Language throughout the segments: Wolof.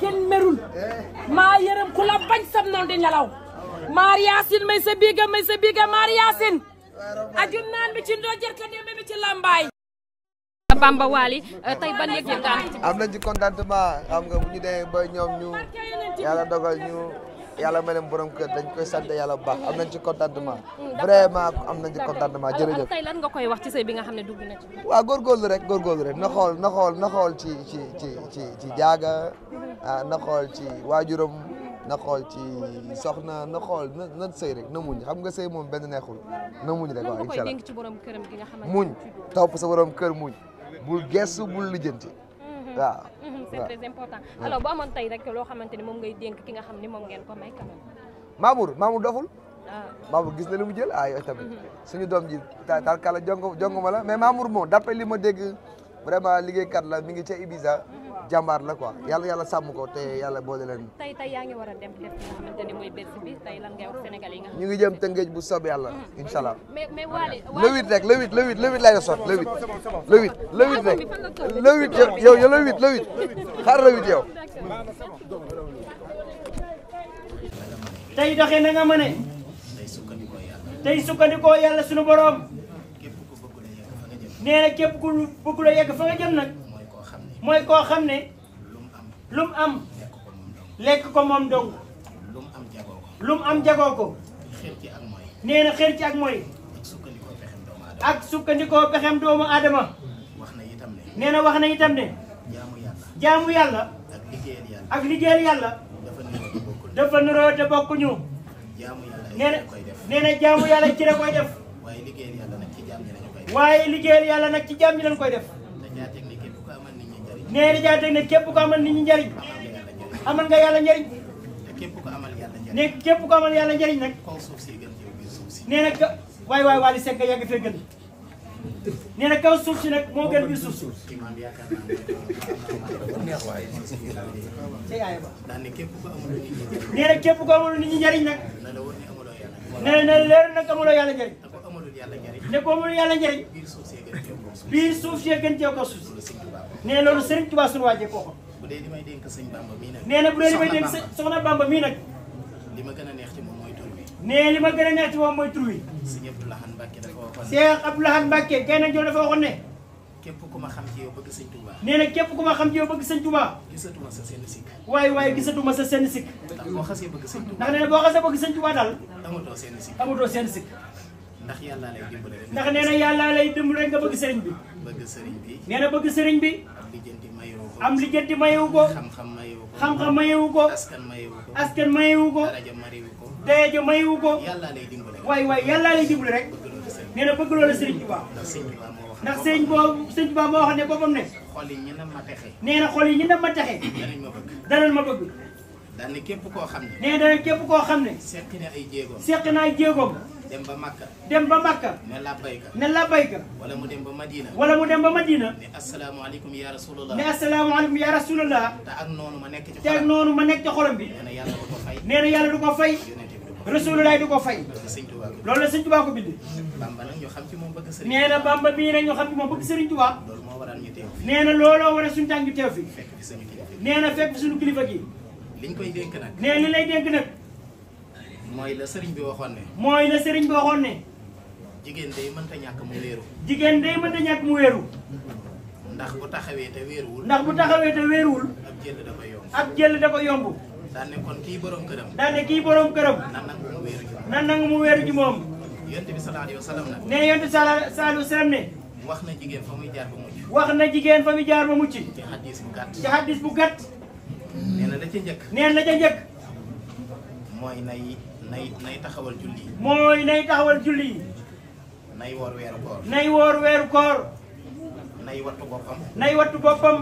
kenn merul maa yërëm ku la bañ sam noonu di nelaw maar yaasin may sa may sa maar yaasin ajun naan bi ci ndojer ka démbe bi ci làmbaay Bamba Wally euh, tey ban yëg-yëg am na ci contentement xam nga bu ñu demee ba ñoom ñu yàlla dogal ñu yàlla may leen borom kër dañ koy sant yàlla bu baax am nañ ci contentement mm, vraiment am nañ ci contentement jërëjëf tey lan nga koy wax ci sëy bi nga xam ne dugg na ci waaw góorgóorlu rek góorgóorlu rek na xool na xool na ci ci ci ci ci jaaga mm-hmm. ah na xool ci waajuram na xool ci soxna na xool na na rek na muñ xam nga sëy moom benn neexul na muñ rek waaw incha allah muñ topp sa borom kër muñ bul gestu bul lijjanti waaw mhm, c'est très important alors rek loo xamante ni moom ngay dénk ki nga xam ni moom ngeen ko may quand même Mamour doful ah. Mamour gis na li mu jël ah, tamit mhm. suñu doom ji tarkala jongo jongo ma la mais Mamour moom d'après li ma dégg vraiment liggéeykat la mi ngi ca Ibiza jàmbaar la quoi yàlla yàlla sàmm ko te yàlla boole leen. tey ngi war a dem jëm tëngéej bu sob yàlla mm-hmm. incha allah. mais mais rek le huit le huit le huit laay def sot le huit. nee na képp ku bëgg la yegg fa nga jëm nag mooy koo xam ne lu mu am lekk ko moom dong lu mu am jagoo ko ak na xër ci ak mooy ak sukkandikoo pexem doomu aadama nee na wax na itam ne jaamu yàlla ak liggéeyal yàlla dafa niroo te bokkuñu nee na nee na jaamu yàlla ci la waaye liggéeyal yàlla nag ci jàmm yi lañ koy def. nee na jaateg ne képp ko amal nit ñi njariñ. amal nga yàlla njariñ. ne képp ko amal yàlla njariñ nag. nee na ka waay waay Wally Seck nga yàgg fee gën. nee na kaw suuf si nag moo gën biir suuf si. nee na képp ko amal nit ñi njariñ nag. nee na leer nag amuloo yàlla njariñ. ne ko amul yàlla njëriñ biir suuf si gën cee ko suuf si ne loolu sëriñ Tuubaa sunu a neex ci li ma gën a neex ci moom mooy tur wi ne ku ma xam sikk. waaye waaye gisatuma sa seen sikk. ndax boo xasee daal. amatoo seen sikk sikk. ndax yàllaa lay dimbale ndax nee na yàllaa lay dimbale nga bëgg sëriñ bi. bëgg sëriñ bi. nee na bëgg sëriñ bi. am lijjanti mayewu ko. am xam-xam mayewu ko. xam-xam mayewu ko. askan mayewu ko. askan mayewu ko. daraja mayewu ko. daraja mayewu ko. yàllaa lay dimbale. waay waay yàllaa lay dimbale rek. nee na bëgg loola sëriñ Tuubaa. ndax sëriñ boobu sëriñ Tuubaa moo wax ne boppam ne. xol yi ñu ne ma texe. nee na xol yi ñu ne ma texe. danañ ma bëgg. danañ ma bëgg. képp koo xam ne. nee na képp koo xam ne. seq na ay jéegoom. seq naa ay jéegoom dem ba Makka. dem ba Makka. ne labbayka. ne labbayka. wala mu dem ba Madina. wala mu dem ba Madina. ne asalaamaaleykum yaa rasulallah. ne asalaamaaleykum yaa rasulallah. te ma nekk ci xolam te ak noonu ma nekk ci xolam bi. nee na yàlla du ko fay. nee na yàlla du ko fay. loolu la sëñ Tuubaa ko bind. bamba nag ñu xam ci moom bëgg sëriñ. nee na bamba bii nag ñu xam ci moom bëgg sëriñ Tuubaa. loolu moo waral ñu teew fi. nee na looloo waral suñu tànk ñu teew fi. fekk fekk suñu kilifa gi. liñ koy dénk nag. nee lay dénk nag mooy la sëriñ bi waxoon ne. mooy la sëriñ bi waxoon ne. jigéen day mënta ñàkk mu wéeru. jigéen day mënta ñàkk mu wéeru. ndax bu taxawee te wéeruwul. ndax bu taxawee te wéeruwul. ab jël da koy yomb. ab jël da yomb. daan ne kon kii borom këram. daan kii borom këram. nan nangu mu wéeru ji. moom. yonent bi sallallahu alayhi wa sallam nag. nee yonent sallallahu alayhi wa wax na jigéen fa muy jaar ba mucc. wax na jigéen fa muy jaar ba mucc. ci xaddis bu gàtt. ci bu gàtt. nee la ca njëkk. nen na la ca njëkk. mooy nay. nay nay taxawal julli yi. mooy nay taxawal julli yi. nay woor weeru koor. nay woor weeru koor. nay wattu boppam. nay wattu boppam.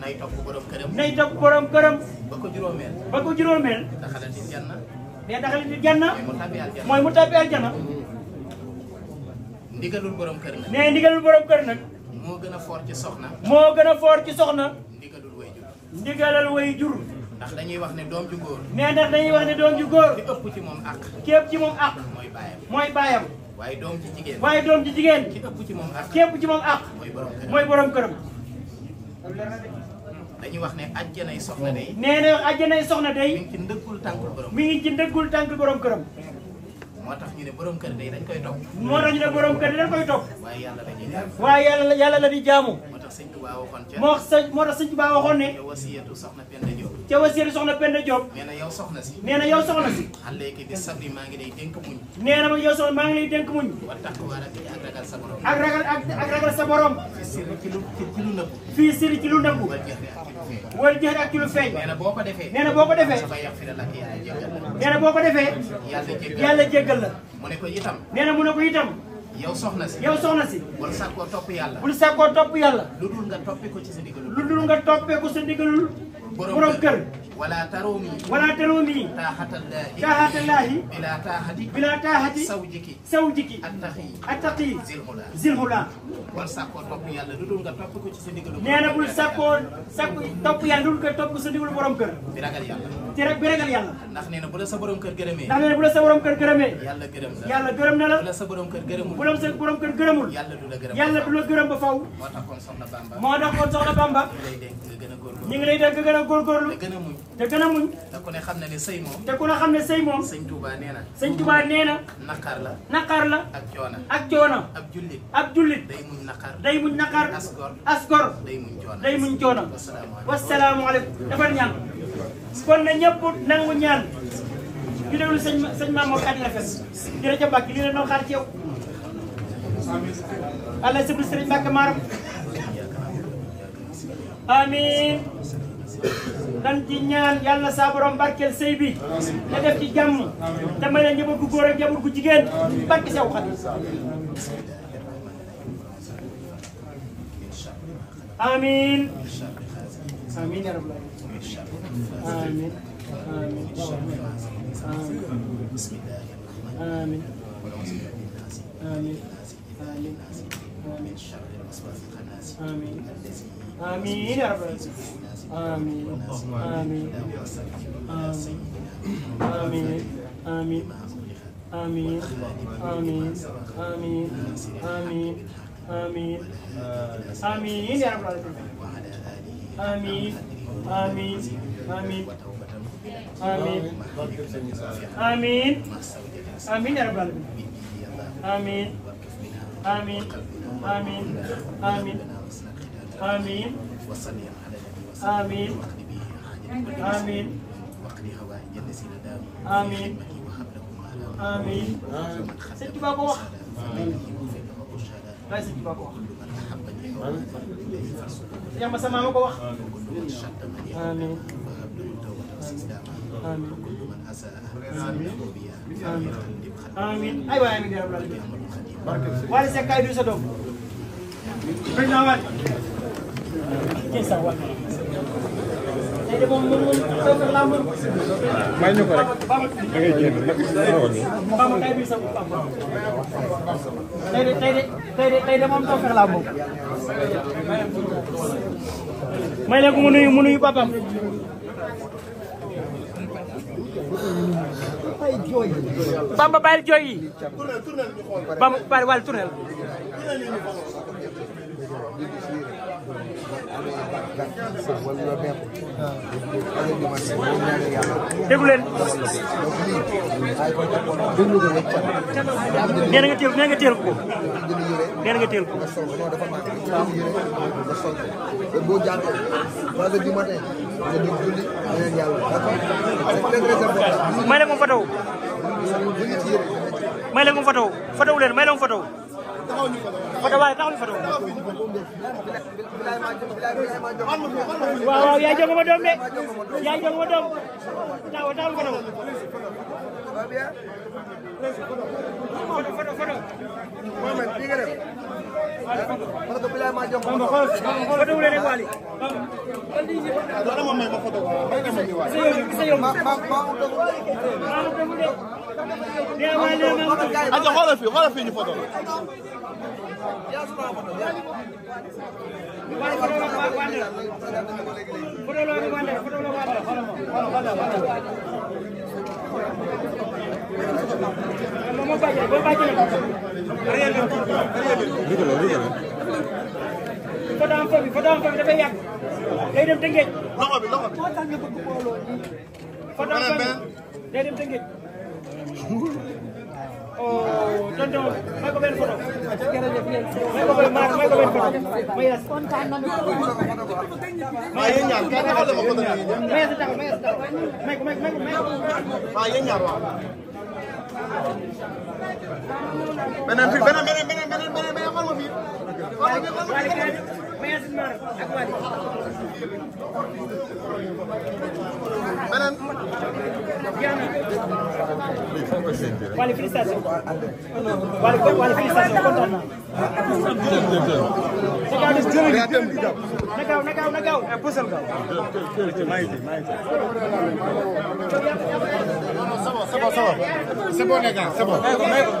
nay topp borom këram. nay topp borom këram. ba ko juróomeel. ba ko juróomeel. daxale nit mooy mu tàbbi aljana. mooy ndigalul borom kër nag. mais ndigalul borom kër nag. moo gën a foor ci soxna. moo gën a foor ci soxna. ndigalul way ndigalal way ndax dañuy wax ne doom ju góor nee ndax dañuy wax ne doom ju góor ki ëpp ci moom àq ki ëpp ci moom àq mooy baayam mooy baayam waaye doom ci jigéen waaye doom ci jigéen ki ëpp ci moom àq ki ëpp ci moom àq mooy borom këram dañuy wax ne ajjanay soxna day nee na ajjanay soxna day mi ngi ci ndëggul tànkul borom mi ngi ci ndëggul tànkul borom këram moo tax ñu ne borom kër day dañ koy topp moo tax ñu ne borom kër dañ koy topp waaye yàlla waaye yàlla la di jaamu tax sëñ Tuba waxoon moo sëñ moo tax sëñ Tuba waxoon ne ca wasiyatu soxna Penda Diop ca wasiyatu soxna Penda Diop nee na yow soxna si nee na yow soxna si xaleeki bi maa ngi lay dénk muñ nee na yow maa ngi lay dénk muñ wa taqwa sa borom ak ragal ak ragal sa borom fii siri ci lu ci lu nëbbu fii siri ci lu nëbbu wal jëxe ak ci boo ko defee nee na boo ko defee boo ko defee yàlla jéggal la mu ne ko itam nee na mu ne ko itam yow soxna si yow soxna si. bul sàkkoo topp yàlla. bul sàkkoo topp yàlla. lu dul nga toppee ko ci sa ndigalul. lu dul nga toppee ko sa ndigalul. borom kër ولا ترومي ولا ترومي طاعة الله طاعة الله بلا طاعة بلا طاعة زوجك زوجك التقي التقي ذي الهلا ذي الهلا bul sàkkoo topp yàlla lu dul nga topp ko ci sa ndigalu. nee na bul sàkkoo sàkk topp yàlla lu dul nga topp sa ndigalu borom kër. di ragal yàlla. di rag bi ragal yàlla. ndax nee na bu la sa borom kër gërëmee. ndax nee na bu la sa borom kër gërëmee. yàlla gërëm la yàlla gërëm na la. bu la sa borom kër gërëmul. bu la sa borom kër gërëmul. yàlla du la gërëm yàlla du la gërëm ba faw. moo taxoon soxna Bamba. moo taxoon soxna Bamba. ñu ngi lay dénk nga gën a góorgóorlu. te gën a muñ. te na ne sëy moom. te ku ne xam ne sëy moom. sëñ Touba nee naqar la. naqar la. ak coona. ak coona. ab jullit. ab jullit. day muñ naqar. day muñ naqar. asgor. asgor. day muñ coona. day muñ coona. wasalaamualeykum. defal ñaan kon na ñëpp ñaan. ñu déglu sëñ Maam Mor Khady Rafet. jërëjëf Mbacke lii la doon xaar ci yow. allah sëbli dan ci ñaan yàlla saa borom barkeel sëy bi na def ci jàmm te may la njaboot gu góor ak njaboot gu jigéen barke sew xat amin amin ya rabbal alamin amin amin amin amin آمين آمين يا رب العالمين آمين آمين آمين آمين آمين آمين آمين آمين آمين آمين يا رب العالمين آمين آمين آمين آمين آمين آمين يا رب العالمين آمين آمين آمين آمين آمين وصلي على النبي وسلم آمين واقض به حاجة آمين واقض هوائج الذين داووا آمين وهب لهم ما آمين ومن خدم لا يسجل بابا واحد من أحبني إليه فرسوله يا مسا ما هو واحد وكل من شتمني آمين وهب له توبة واستسلاما آمين وكل من أساء فليقم بها فليغتنم خدمه آمين أيوة يا أمين يا رب العالمين بارك الله فيك وارثك كايدو سدوم Bring that one. sax tey de moom mën nga laa mën. may ñu ko rek da ngay jéem nag Bamba kay bi sax tey de tey de tey de tey de moom taw fex laa moom. may leen ko mu nuyu mu nuyu boppam. Bamba bàyyil jooy yi. Bamba bàyyil wàllu tournel. déglu leen. nee na nga teel nee na nga ko. nee na nga teel ko. may leen ko photo. may leen ko photo photo may leen ko photo. waaw waaw yaa jongoma doom de yaa jongoma doom taxaw taxawul photo photo photo photo moment bi nga def parce que bilaay ma jongoma photo wu leen ak Wally dama may ma photo ma ma aja xoolal fii xoolal fii ñu foto foto am foofu foto am foofu dafay yàgg day dem tëngeej loxo bi loxo bi foto am foofu day dem tëngeej tonton may ko benn photo may ko benn may ko benn photo may yas kontaan na may yéen ñaar kenn taxaw dama ko dama yéen ñaar may yas taxaw may yas taxaw may ko may ko may ko waaw yéen ñaar waaw beneen beneen beneen beneen beneen beneen xool ma fii xool ma fii xool ma fii Mayacine Mar ak Wally. beneen. jaana. Wally félicitation. Wally Wally félicitation kontaan naa. jërëjëf jërëjëf. na gaaw na gaaw na gaaw. posal gaaw. maa ngi maa ngi c'est bon c'est bon c'est bon les gars c'est bon.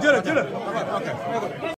jërëjëf jërëjëf.